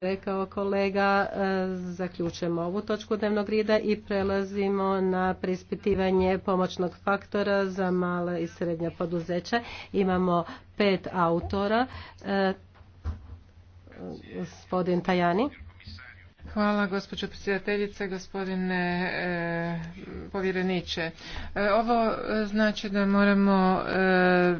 rekao kolega, e, zaključujemo ovu točku dnevnog reda i prelazimo na prispitivanje pomoćnog faktora za mala i srednja poduzeća. Imamo pet autora. E, gospodin Tajani. Hvala gospođo predsjedateljice, gospodine eh, povjereniče. Eh, ovo znači da moramo eh,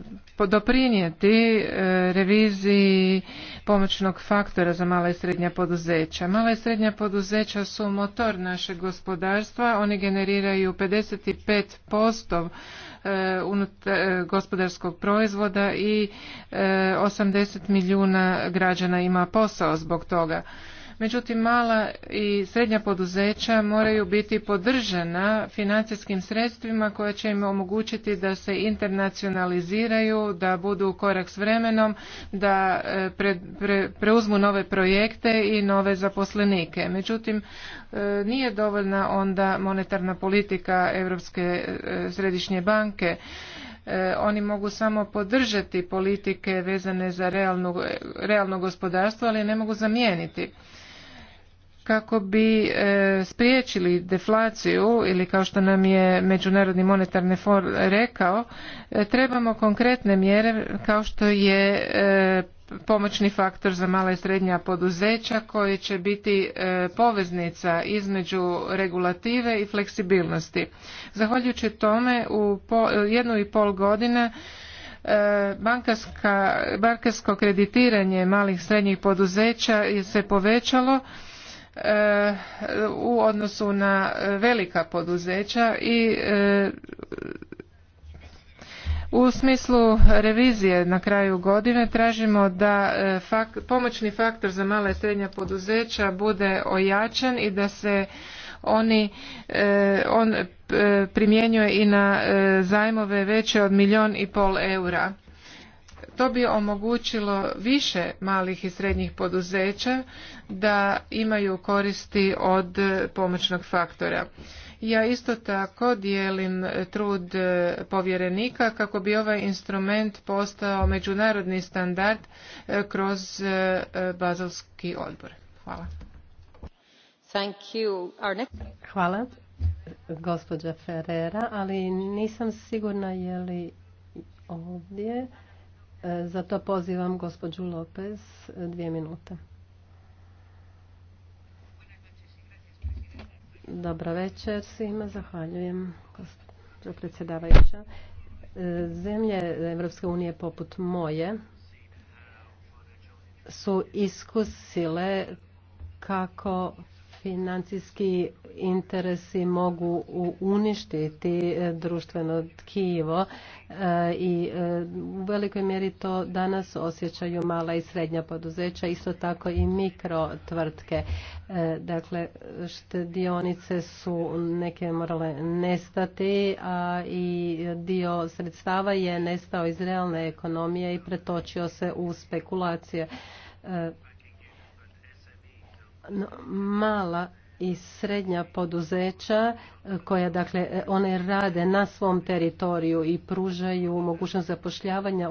doprinijeti reviziji pomoćnog faktora za mala i srednja poduzeća. Mala i srednja poduzeća su motor našeg gospodarstva, oni generiraju 55% unutar gospodarskog proizvoda i 80 milijuna građana ima posao zbog toga. Međutim, mala i srednja poduzeća moraju biti podržana financijskim sredstvima koja će im omogućiti da se internacionaliziraju, da budu korak s vremenom, da e, preuzmu nove projekte i nove zaposlenike. Međutim, e, nije dovoljna onda monetarna politika Europske e, središnje banke oni mogu samo podržati politike vezane za realno, realno gospodarstvo ali ne mogu zamijeniti kako bi e, spriječili deflaciju ili kao što nam je Međunarodni monetarni for rekao, e, trebamo konkretne mjere kao što je e, pomoćni faktor za mala i srednja poduzeća koji će biti poveznica između regulative i fleksibilnosti. Zahvaljujući tome u jednu i pol godina bankarsko kreditiranje malih srednjih poduzeća se povećalo E, u odnosu na velika poduzeća i e, u smislu revizije na kraju godine tražimo da e, pomoćni faktor za mala i srednja poduzeća bude ojačan i da se oni, on primjenjuje i na zajmove veće od milijun i pol eura to bi omogućilo više malih i srednjih poduzeća da imaju koristi od pomoćnog faktora. Ja isto tako dijelim trud e, povjerenika kako bi ovaj instrument postao međunarodni standard e, kroz e, Bazelski odbor. Hvala. Thank you. Our next... Hvala, gospođa Ferrera, ali nisam sigurna je li ovdje. E, to pozivam gospođu Lopez e, dvije minute. Dobra večer svima, zahvaljujem predsjedavajuća. E, zemlje Evropske unije poput moje su iskusile kako financijski interesi mogu uništiti e, društveno tkivo e, i e, u velikoj mjeri to danas osjećaju mala i srednja poduzeća, isto tako i mikro tvrtke. Dakle, štedionice su neke morale nestati, a i dio sredstava je nestao iz realne ekonomije i pretočio se u spekulacije mala i srednja poduzeća e, koja dakle e, one rade na svom teritoriju i pružaju mogućnost zapošljavanja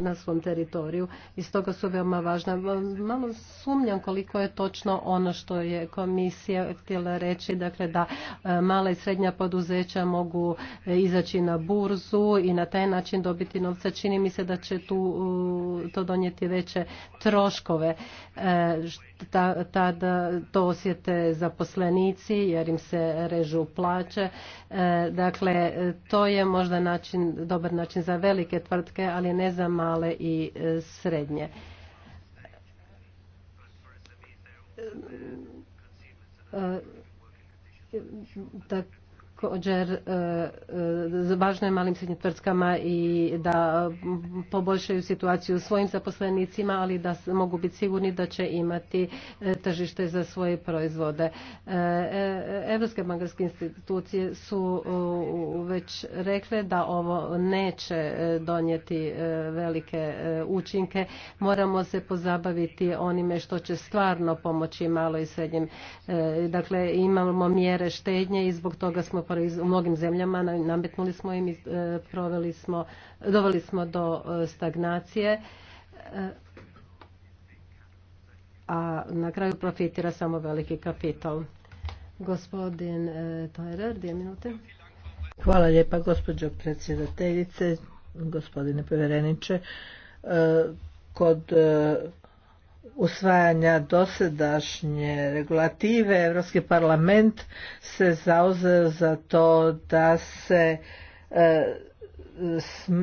na svom teritoriju i stoga su veoma važna. Malo sumnjam koliko je točno ono što je komisija htjela reći, dakle da e, mala i srednja poduzeća mogu izaći na burzu i na taj način dobiti novca. Čini mi se da će tu to donijeti veće troškove. Tada to osjete za zaposlenici jer im se režu plaće. E, dakle, to je možda način, dobar način za velike tvrtke, ali ne za male i e, srednje e, također e, e, važno je malim srednjim tvrtkama i da poboljšaju situaciju svojim zaposlenicima, ali da mogu biti sigurni da će imati e, tržište za svoje proizvode. Europske bankarske institucije su već rekle da ovo neće donijeti velike učinke. Moramo se pozabaviti onime što će stvarno pomoći malo i srednjim. Dakle, imamo mjere štednje i zbog toga smo potpore u mnogim zemljama, nametnuli smo im, e, proveli smo, doveli smo do e, stagnacije, e, a na kraju profitira samo veliki kapital. Gospodin Tajrer, dvije minute. Hvala lijepa gospođo predsjedateljice, gospodine povjereniče. Kod usvajanja dosadašnje regulative Europski parlament se zauzeo za to da se e,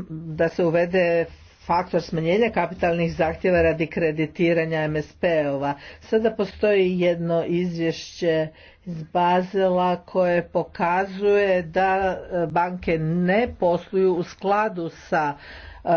da se uvede faktor smanjenja kapitalnih zahtjeva radi kreditiranja MSP-ova. Sada postoji jedno izvješće iz Bazela koje pokazuje da e, banke ne posluju u skladu sa E,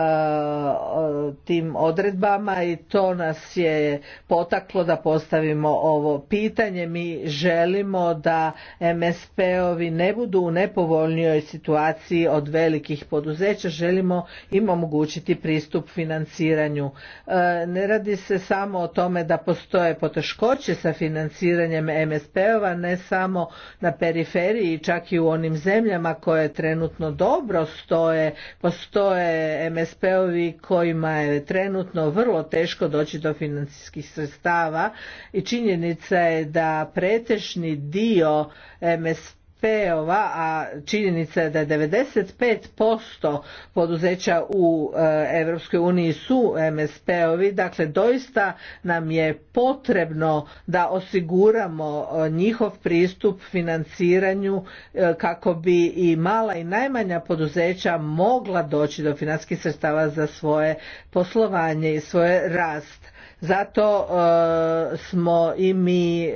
tim odredbama i to nas je potaklo da postavimo ovo pitanje. Mi želimo da MSP-ovi ne budu u nepovoljnijoj situaciji od velikih poduzeća, želimo im omogućiti pristup financiranju. E, ne radi se samo o tome da postoje poteškoće sa financiranjem MSP-ova, ne samo na periferiji, čak i u onim zemljama koje trenutno dobro stoje, postoje MSP MSP-ovi kojima je trenutno vrlo teško doći do financijskih sredstava i činjenica je da pretešni dio MSP MSP-ova, a činjenica je da je 95% poduzeća u Europskoj uniji su MSP-ovi, dakle doista nam je potrebno da osiguramo e, njihov pristup financiranju e, kako bi i mala i najmanja poduzeća mogla doći do financijskih sredstava za svoje poslovanje i svoje rast zato e, smo i mi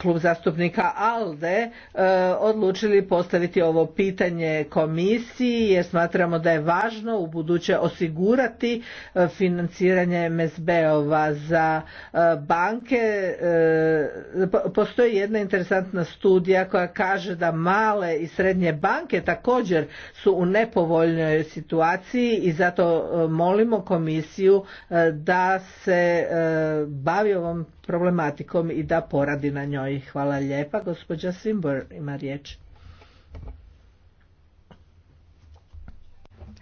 klub zastupnika ALDE e, odlučili postaviti ovo pitanje komisiji jer smatramo da je važno u buduće osigurati e, financiranje MSB-ova za e, banke. Postoji jedna interesantna studija koja kaže da male i srednje banke također su u nepovoljnoj situaciji i zato molimo komisiju da se bavi ovom problematikom i da poradi radi na njoj. Hvala lijepa. Gospođa Simbor ima riječ.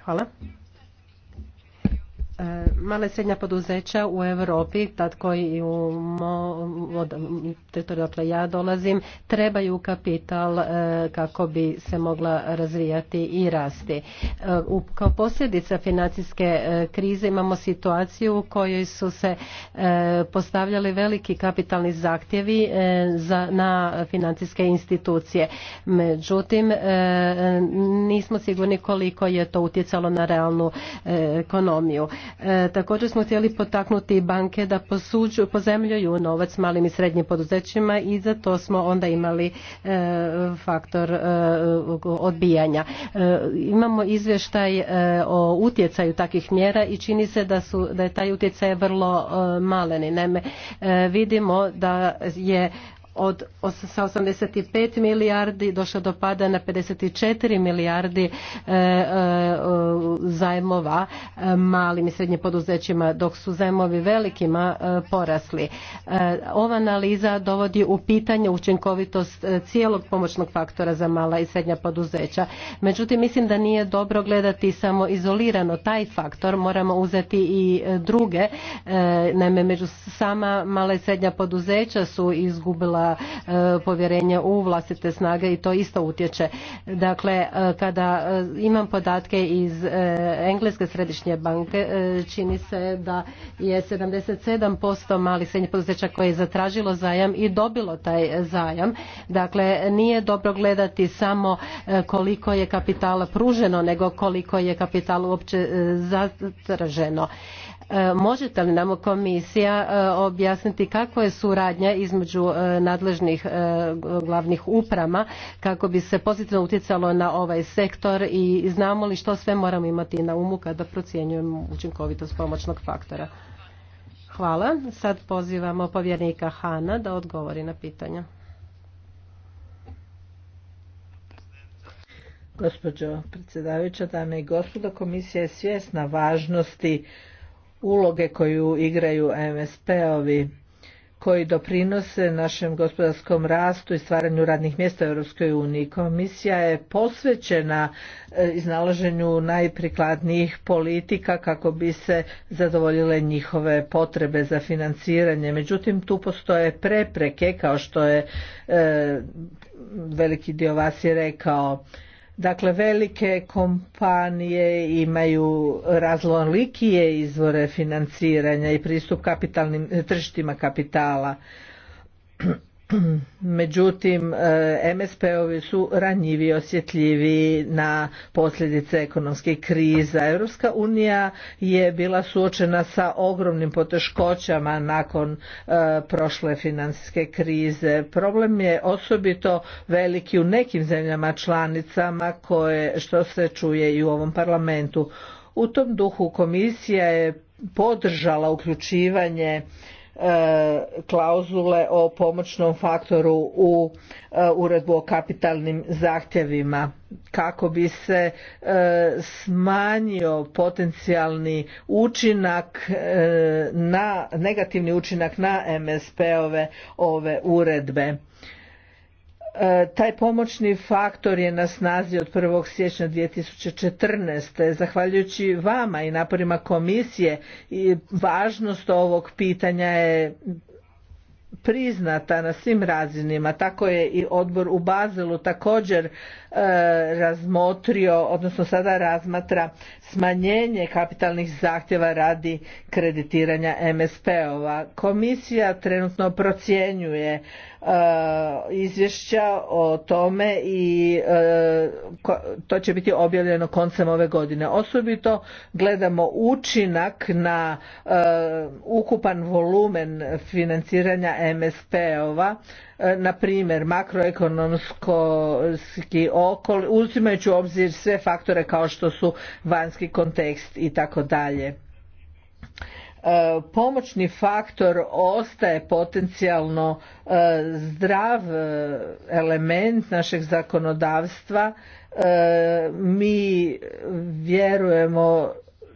Hvala. E, Male srednja poduzeća u Europi, tad koji i u dakle ja dolazim, trebaju kapital e, kako bi se mogla razvijati i rasti. E, kao posljedica financijske krize imamo situaciju u kojoj su se postavljali veliki kapitalni zahtjevi na financijske institucije. Međutim, nismo sigurni koliko je to utjecalo na realnu ekonomiju. E, također smo htjeli potaknuti banke da pozemljuju novac malim i srednjim poduzećima i za to smo onda imali e, faktor e, odbijanja. Imamo izvještaj o utjecaju takvih mjera i čini se da, su, da je taj utjecaj vrlo maleni. Naime, vidimo da je od sa 85 milijardi došlo do pada na 54 milijardi e, e, zajmova e, malim i srednjim poduzećima dok su zajmovi velikima porasli. Ova analiza dovodi u pitanje učinkovitost cijelog pomoćnog faktora za mala i srednja poduzeća. Međutim, mislim da nije dobro gledati samo izolirano taj faktor, moramo uzeti i druge. Naime, među sama mala i srednja poduzeća su izgubila E, povjerenje u vlastite snage i to isto utječe. Dakle, e, kada e, imam podatke iz Engleske središnje banke, čini se da je 77% malih srednjih poduzeća koje je zatražilo zajam i dobilo taj zajam. Dakle, nije dobro gledati samo koliko je kapitala pruženo, nego koliko je kapital uopće zatraženo. E, možete li nam komisija e, objasniti kako je suradnja između e, nadležnih glavnih uprama kako bi se pozitivno utjecalo na ovaj sektor i znamo li što sve moramo imati na umu kada procjenjujemo učinkovitost pomoćnog faktora? Hvala. Sad pozivamo povjernika Hana da odgovori na pitanja. Gospođo predsjedavajuća, dame i gospodo, komisija je svjesna važnosti uloge koju igraju MSP-ovi koji doprinose našem gospodarskom rastu i stvaranju radnih mjesta u Europskoj uniji. Komisija je posvećena e, iznalaženju najprikladnijih politika kako bi se zadovoljile njihove potrebe za financiranje. Međutim, tu postoje prepreke, kao što je e, veliki dio vas je rekao Dakle, velike kompanije imaju raznolikije izvore financiranja i pristup kapitalnim tržištima kapitala Međutim, e, MSP-ovi su ranjivi, osjetljivi na posljedice ekonomske krize. Europska unija je bila suočena sa ogromnim poteškoćama nakon e, prošle financijske krize. Problem je osobito veliki u nekim zemljama članicama koje što se čuje i u ovom parlamentu. U tom duhu komisija je podržala uključivanje E, klauzule o pomoćnom faktoru u e, uredbu o kapitalnim zahtjevima kako bi se e, smanjio potencijalni učinak na negativni učinak na MSP-ove ove uredbe E, taj pomoćni faktor je na snazi od 1. siječnja 2014. Zahvaljujući vama i naporima komisije i važnost ovog pitanja je priznata na svim razinima tako je i odbor u Bazelu također e, razmotrio odnosno sada razmatra smanjenje kapitalnih zahtjeva radi kreditiranja MSP-ova komisija trenutno procjenjuje e, izvješća o tome i e, to će biti objavljeno koncem ove godine osobito gledamo učinak na ukupan volumen financiranja MSP-ova, e, na primjer makroekonomski okol, uzimajući u obzir sve faktore kao što su vanjski kontekst i tako dalje. E, pomoćni faktor ostaje potencijalno e, zdrav element našeg zakonodavstva. Mi vjerujemo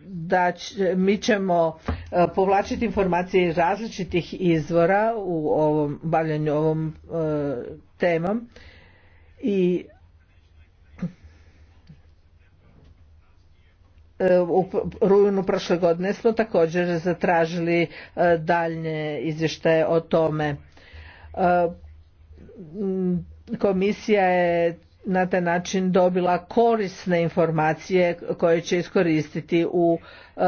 da mi ćemo e, povlačiti informacije iz različitih izvora u ovom bavljanju ovom e, temom i e, u rujnu prošle godine smo također zatražili daljnje izvještaje o tome. Komisija je na taj način dobila korisne informacije koje će iskoristiti u e,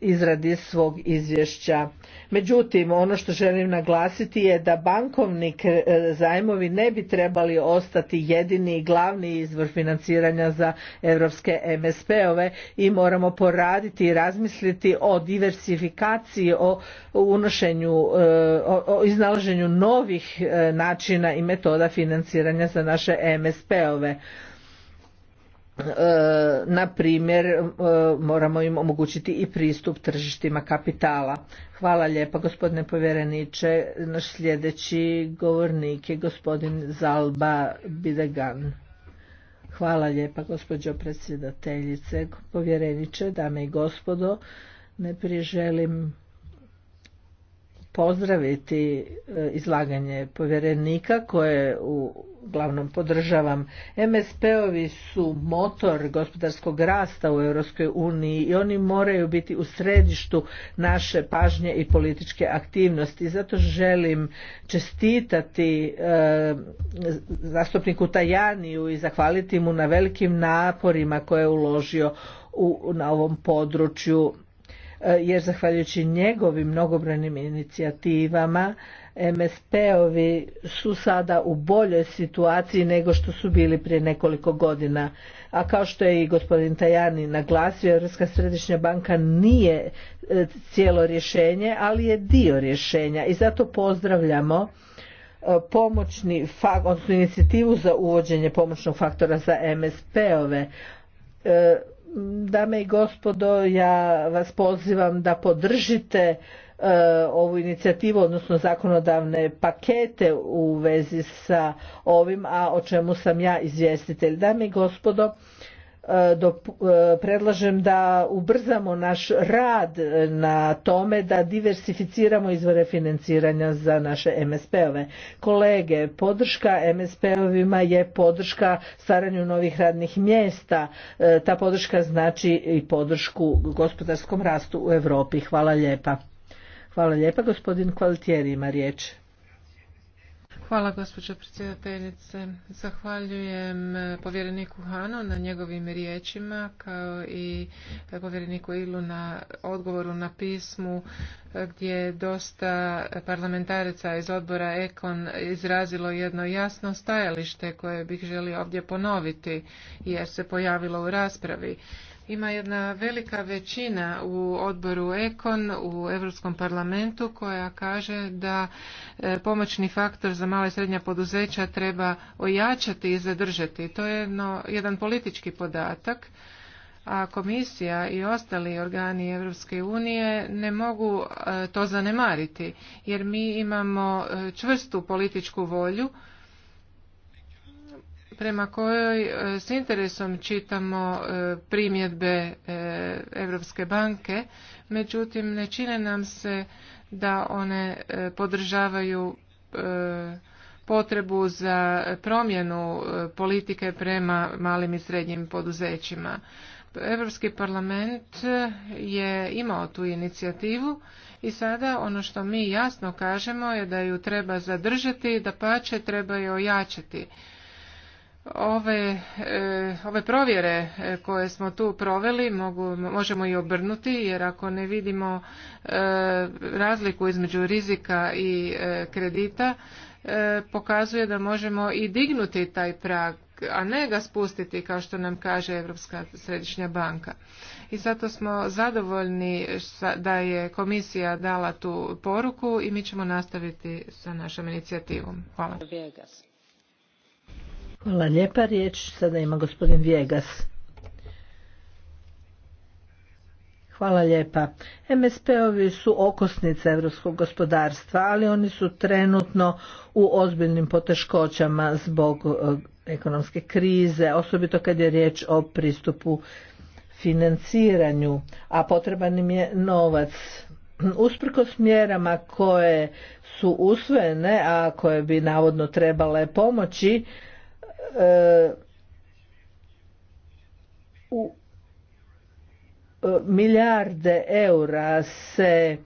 izradi svog izvješća. Međutim, ono što želim naglasiti je da bankovni e, zajmovi ne bi trebali ostati jedini i glavni izvor financiranja za europske MSP-ove i moramo poraditi i razmisliti o diversifikaciji, o unošenju, e, o iznalaženju novih načina i metoda financiranja za naše MSP-ove. E, na primjer e, moramo im omogućiti i pristup tržištima kapitala. Hvala lijepa gospodine povjereniče. Naš sljedeći govornik je gospodin Zalba Bidegan. Hvala lijepa gospođo predsjedateljice, povjereniče, dame i gospodo. Ne želim pozdraviti e, izlaganje povjerenika koje uglavnom podržavam. MSP-ovi su motor gospodarskog rasta u Europskoj uniji i oni moraju biti u središtu naše pažnje i političke aktivnosti. Zato želim čestitati e, zastupniku Tajaniju i zahvaliti mu na velikim naporima koje je uložio u, na ovom području jer zahvaljujući njegovim mnogobranim inicijativama MSP-ovi su sada u boljoj situaciji nego što su bili prije nekoliko godina. A kao što je i gospodin Tajani naglasio, Europska središnja banka nije e, cijelo rješenje, ali je dio rješenja i zato pozdravljamo e, pomoćni odnosno inicijativu za uvođenje pomoćnog faktora za MSP-ove e, Dame i gospodo, ja vas pozivam da podržite e, ovu inicijativu, odnosno zakonodavne pakete u vezi sa ovim, a o čemu sam ja izvjestitelj. Dame i gospodo, E, e, predlažem da ubrzamo naš rad na tome da diversificiramo izvore financiranja za naše MSP-ove. Kolege, podrška MSP-ovima je podrška stvaranju novih radnih mjesta. E, ta podrška znači i podršku gospodarskom rastu u Europi. Hvala lijepa. Hvala lijepa, gospodin Kvalitjeri ima riječ. Hvala gospođo predsjedateljice. Zahvaljujem e, povjereniku Hanu na njegovim riječima kao i e, povjereniku Ilu na odgovoru na pismu e, gdje je dosta parlamentarica iz odbora Ekon izrazilo jedno jasno stajalište koje bih želio ovdje ponoviti jer se pojavilo u raspravi ima jedna velika većina u odboru Ekon u Europskom parlamentu koja kaže da e, pomoćni faktor za mala i srednja poduzeća treba ojačati i zadržati. To je jedno, jedan politički podatak a komisija i ostali organi Europske unije ne mogu e, to zanemariti jer mi imamo e, čvrstu političku volju prema kojoj e, s interesom čitamo e, primjedbe e, Europske banke, međutim ne čine nam se da one podržavaju potrebu za promjenu politike prema malim i srednjim poduzećima. Europski parlament je imao tu inicijativu i sada ono što mi jasno kažemo je da ju treba zadržati, da pače treba je ojačati. E, ove, provjere e, koje smo tu proveli možemo i obrnuti jer ako ne vidimo e, razliku između rizika i kredita pokazuje da možemo i dignuti taj prag a ne ga spustiti kao što nam kaže Europska središnja banka. I zato smo zadovoljni da je komisija dala tu poruku i mi ćemo nastaviti sa našom inicijativom. Hvala. Hvala lijepa. Riječ sada ima gospodin Vjegas. Hvala lijepa. MSP-ovi su okosnice europskog gospodarstva, ali oni su trenutno u ozbiljnim poteškoćama zbog e, ekonomske krize, osobito kad je riječ o pristupu financiranju, a potreban im je novac. Usprkos mjerama koje su usvojene, a koje bi navodno trebale pomoći, u e, milijarde eura se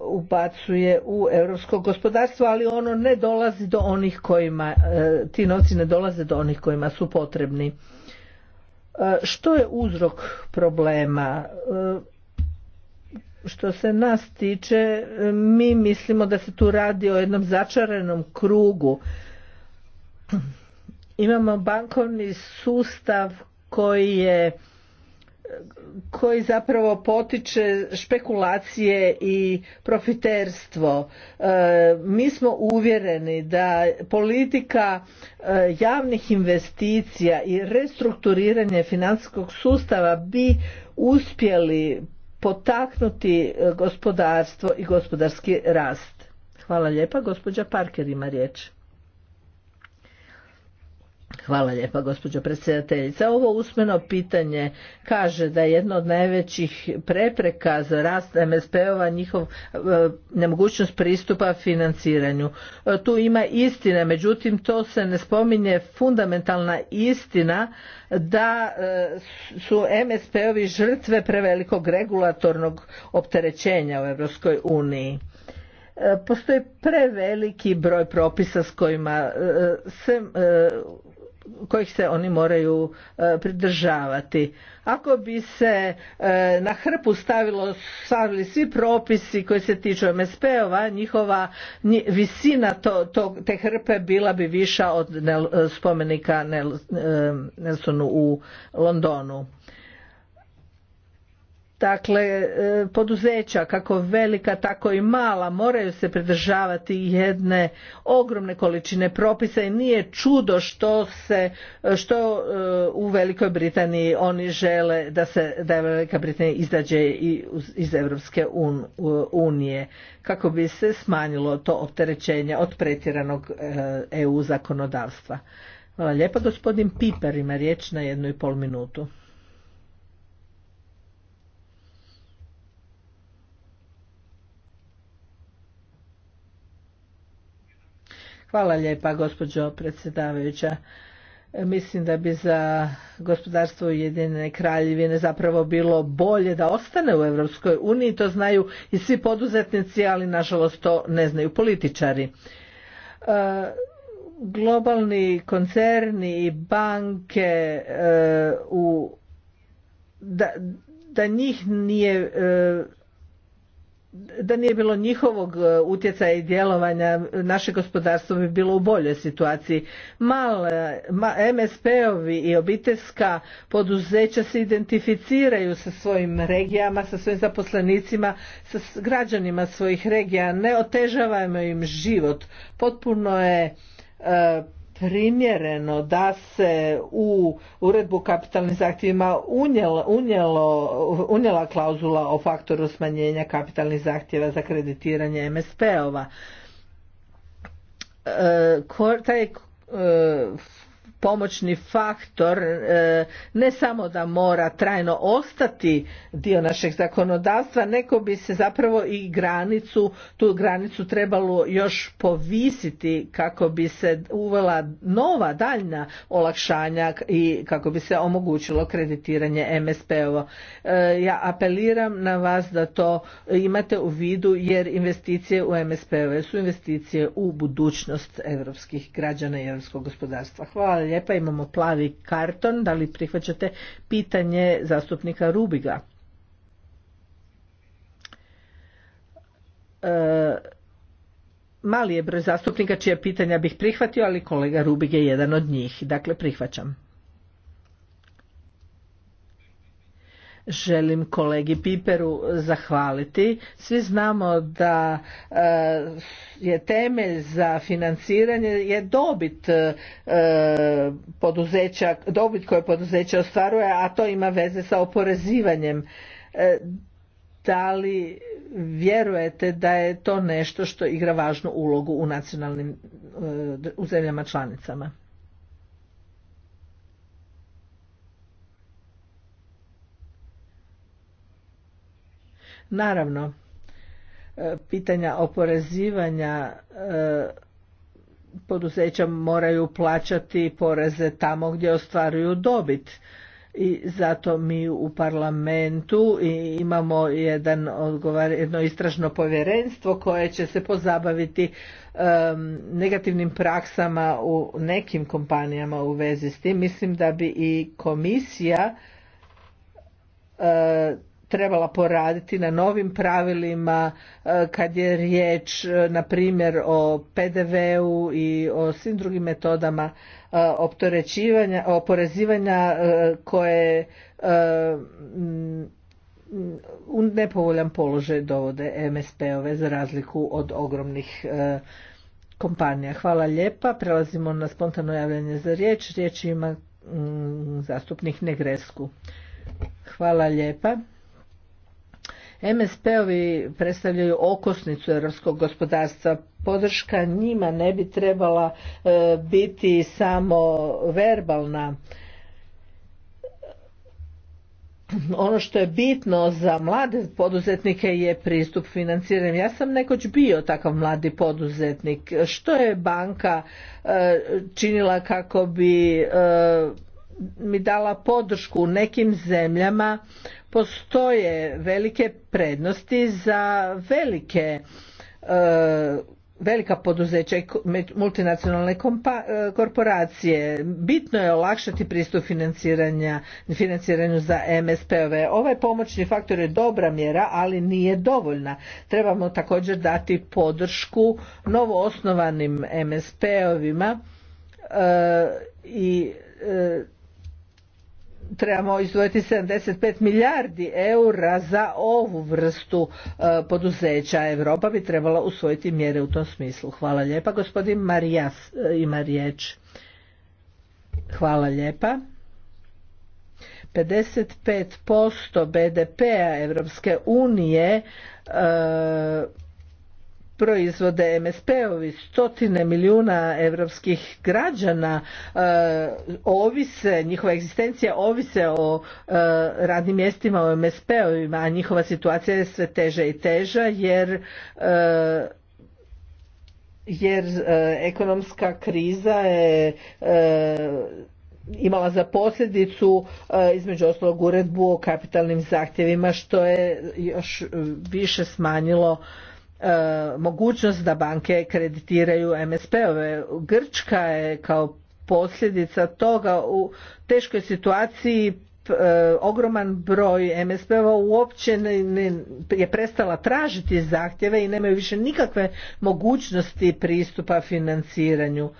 ubacuje u europsko gospodarstvo, ali ono ne dolazi do onih kojima, e, ti novci ne dolaze do onih kojima su potrebni. E, što je uzrok problema? Što se nas tiče, mi mislimo da se tu radi o jednom začaranom krugu imamo bankovni sustav koji je koji zapravo potiče špekulacije i profiterstvo. E, mi smo uvjereni da politika e, javnih investicija i restrukturiranje financijskog sustava bi uspjeli potaknuti e, gospodarstvo i gospodarski rast. Hvala lijepa, gospođa Parker ima riječ. Hvala lijepa gospođo predsjedateljica. Ovo usmeno pitanje kaže da je jedno od najvećih prepreka za rast MSP-ova njihov e, nemogućnost pristupa financiranju. E, tu ima istina, međutim to se ne spominje fundamentalna istina da e, su MSP-ovi žrtve prevelikog regulatornog opterećenja u Europskoj uniji postoji preveliki broj propisa s kojima se kojih se oni moraju e, pridržavati. Ako bi se e, na hrpu stavilo, stavili svi propisi koji se tiču MSP-ova, njihova visina to, to, te hrpe bila bi viša od e, spomenika Nelsonu u Londonu. Dakle, e, poduzeća kako velika tako i mala moraju se pridržavati jedne ogromne količine propisa i nije čudo što se što e, u Velikoj Britaniji oni žele da se da Velika Britanija izađe iz Europske unije kako bi se smanjilo to opterećenje od pretjeranog EU e zakonodavstva. Hvala lijepa gospodin Piper ima riječ na jednu i pol minutu. Hvala lijepa gospođo predsjedavajuća. Mislim da bi za gospodarstvo Ujedinjene kraljevine zapravo bilo bolje da ostane u Europskoj uniji, to znaju i svi poduzetnici, ali nažalost to ne znaju političari. E, globalni koncerni i banke e, u da, da njih nije e, da nije bilo njihovog e, utjecaja i djelovanja naše gospodarstvo bi bilo u boljoj situaciji. Male, MSP-ovi i obiteljska poduzeća se identificiraju sa svojim regijama, sa svojim zaposlenicima, sa građanima svojih regija. Ne otežavajmo im život. Potpuno je e, primjereno da se u uredbu kapitalnim zahtjevima unijela, klauzula o faktoru smanjenja kapitalnih zahtjeva za kreditiranje MSP-ova. E, taj e, pomoćni faktor e, ne samo da mora trajno ostati dio našeg zakonodavstva neko bi se zapravo i granicu tu granicu trebalo još povisiti kako bi se uvela nova daljna olakšanja i kako bi se omogućilo kreditiranje MSP-ova. E, ja apeliram na vas da to imate u vidu jer investicije u MSP-ove su investicije u budućnost europskih građana i europskog gospodarstva. Hvala lijepa. Imamo plavi karton. Da li prihvaćate pitanje zastupnika Rubiga? E, mali je broj zastupnika čija pitanja bih prihvatio, ali kolega Rubig je jedan od njih. Dakle, prihvaćam. želim kolegi Piperu zahvaliti. Svi znamo da eh, je temelj za financiranje je dobit eh, poduzeća, dobit koje poduzeće ostvaruje, a to ima veze sa oporezivanjem. Eh, da li vjerujete da je to nešto što igra važnu ulogu u nacionalnim u zemljama članicama? Naravno, e, pitanja oporezivanja e, poduzeća moraju plaćati poreze tamo gdje ostvaruju dobit i zato mi u parlamentu imamo jedan odgovar, jedno istražno povjerenstvo koje će se pozabaviti e, negativnim praksama u nekim kompanijama u vezi s tim mislim da bi i komisija trebala poraditi na novim pravilima e, kad je riječ e, na primjer o PDV-u i o svim drugim metodama e, opterećivanja, oporezivanja koje u nepovoljan položaj dovode MSP-ove za razliku od ogromnih kompanija. Hvala lijepa. Prelazimo na spontano javljanje za riječ. Riječ ima zastupnik Negresku. Hvala lijepa. MSP-ovi predstavljaju okosnicu europskog gospodarstva. Podrška njima ne bi trebala e, biti samo verbalna. Ono što je bitno za mlade poduzetnike je pristup financiranju. Ja sam nekoć bio takav mladi poduzetnik. Što je banka e, činila kako bi e, mi dala podršku u nekim zemljama postoje velike prednosti za velike e, velika poduzeća i multinacionalne e, korporacije. Bitno je olakšati pristup financiranja, financiranju za MSP-ove. Ovaj pomoćni faktor je dobra mjera, ali nije dovoljna. Trebamo također dati podršku novoosnovanim MSP-ovima e, i trebamo izdvojiti 75 milijardi eura za ovu vrstu e, poduzeća. Europa bi trebala usvojiti mjere u tom smislu. Hvala lijepa. Gospodin Marijas e, ima riječ. Hvala lijepa. 55% BDP-a Europske unije e, proizvode MSP-ovi, stotine milijuna europskih građana eh, ovise, njihova egzistencija ovise o eh, radnim mjestima u MSP-ovima, a njihova situacija je sve teža i teža jer eh, jer ekonomska kriza je imala za posljedicu između ostalog uredbu o kapitalnim zahtjevima što je još više smanjilo E, mogućnost da banke kreditiraju MSP-ove. Grčka je kao posljedica toga u teškoj situaciji e, ogroman broj MSP-ova uopće ne, je prestala tražiti zahtjeve i nemaju više nikakve mogućnosti pristupa financiranju.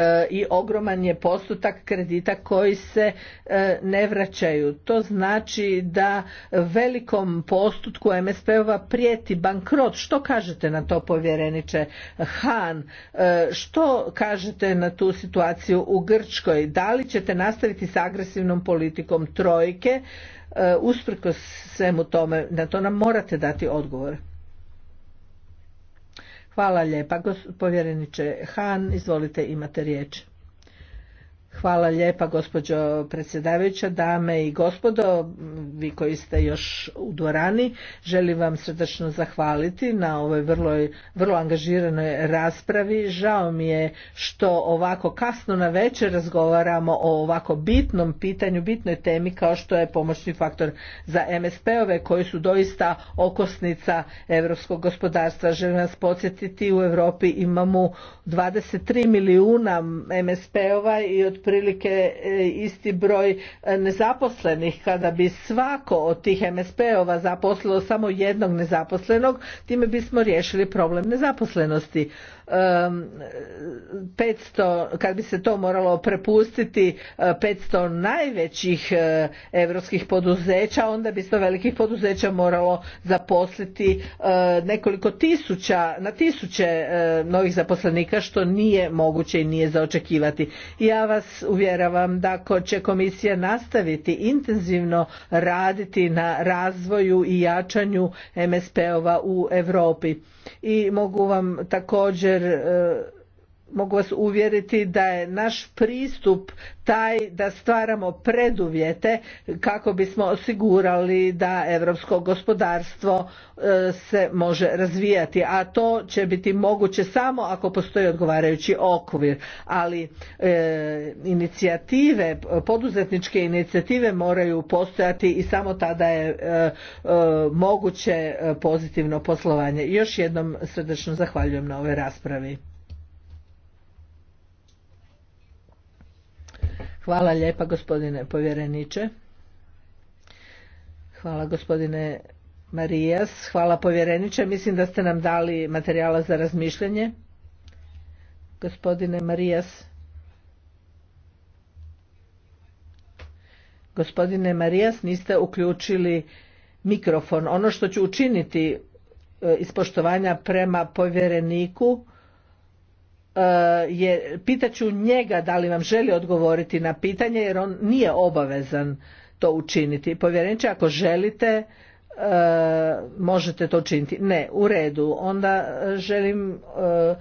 E, i ogroman je postotak kredita koji se e, ne vraćaju. To znači da velikom postotku MSP-ova prijeti bankrot. Što kažete na to povjereniče Han? E, što kažete na tu situaciju u Grčkoj? Da li ćete nastaviti s agresivnom politikom trojke? Usprkos svemu tome, na to nam morate dati odgovor. Hvala lijepa, povjereniče Han, izvolite imate riječ. Hvala lijepa gospođo predsjedavajuća, dame i gospodo, vi koji ste još u dvorani, želim vam srdačno zahvaliti na ovoj vrlo, vrlo angažiranoj raspravi. Žao mi je što ovako kasno na večer razgovaramo o ovako bitnom pitanju, bitnoj temi kao što je pomoćni faktor za MSP-ove koji su doista okosnica europskog gospodarstva. Želim vas podsjetiti u Europi imamo 23 milijuna MSP-ova i od otprilike e, isti broj e, nezaposlenih. Kada bi svako od tih MSP-ova zaposlilo samo jednog nezaposlenog, time bismo riješili problem nezaposlenosti. 500, kad bi se to moralo prepustiti 500 e, najvećih europskih poduzeća, onda bi to velikih poduzeća moralo zaposliti nekoliko tisuća, na tisuće novih zaposlenika, što nije moguće i nije zaočekivati. Ja vas vas uvjeravam da će komisija nastaviti intenzivno raditi na razvoju i jačanju MSP-ova u Europi. I mogu vam također e, mogu vas uvjeriti da je naš pristup taj da stvaramo preduvjete kako bismo osigurali da europsko gospodarstvo e, se može razvijati a to će biti moguće samo ako postoji odgovarajući okvir ali e, inicijative poduzetničke inicijative moraju postojati i samo tada je e, moguće pozitivno poslovanje još jednom srdečno zahvaljujem na ovoj raspravi Hvala lijepa gospodine povjereniče. Hvala gospodine Marijas. Hvala povjereniče. Mislim da ste nam dali materijala za razmišljanje. Gospodine Marijas. Gospodine Marijas, niste uključili mikrofon. Ono što ću učiniti e, ispoštovanja prema povjereniku E, je, ću njega da li vam želi odgovoriti na pitanje jer on nije obavezan to učiniti. ću ako želite, e, možete to učiniti. Ne, u redu. Onda želim e,